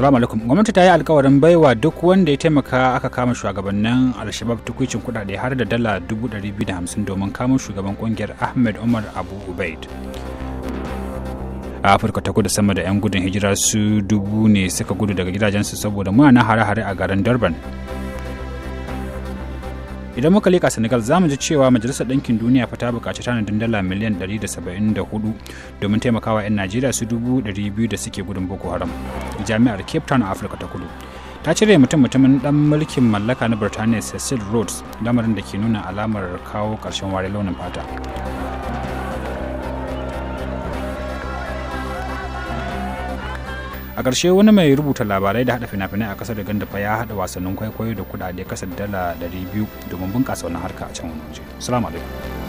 Assalamu alaikum. Gwamnati ta yi alkawarin baiwa duk wanda ya taimaka aka kama shugabannin Alshabab tukucin kudade har da dala 250 domin kama shugaban kungiyar Ahmed Umar Abu Ubaid. A Afirka ta kudu sama da 'yan gudun hijira su dubu ne suka gudu daga gidajensu saboda muna hare-hare a garin Durban. idan muka leƙa senegal zamu mu ji cewa majalisar ɗinkin duniya fa ta buƙaci tanadin dala miliyan 174 domin taimakawa 'yan najeriya su dubu 200 da suke gudun boko haram jami'ar cape town a afirka ta kudu ta cire mutum mutumin dan mulkin mallaka na birtaniya cecil rhodes lamarin da ke nuna alamar kawo ƙarshen ware launin fata a ƙarshe wani mai rubuta labarai da haɗa fina-finai a ƙasar uganda fa ya haɗa wasannin kwaikwayo da kuɗaɗe kasar dala 200 domin bunƙasa wani harka a can wani waje salamu alaikum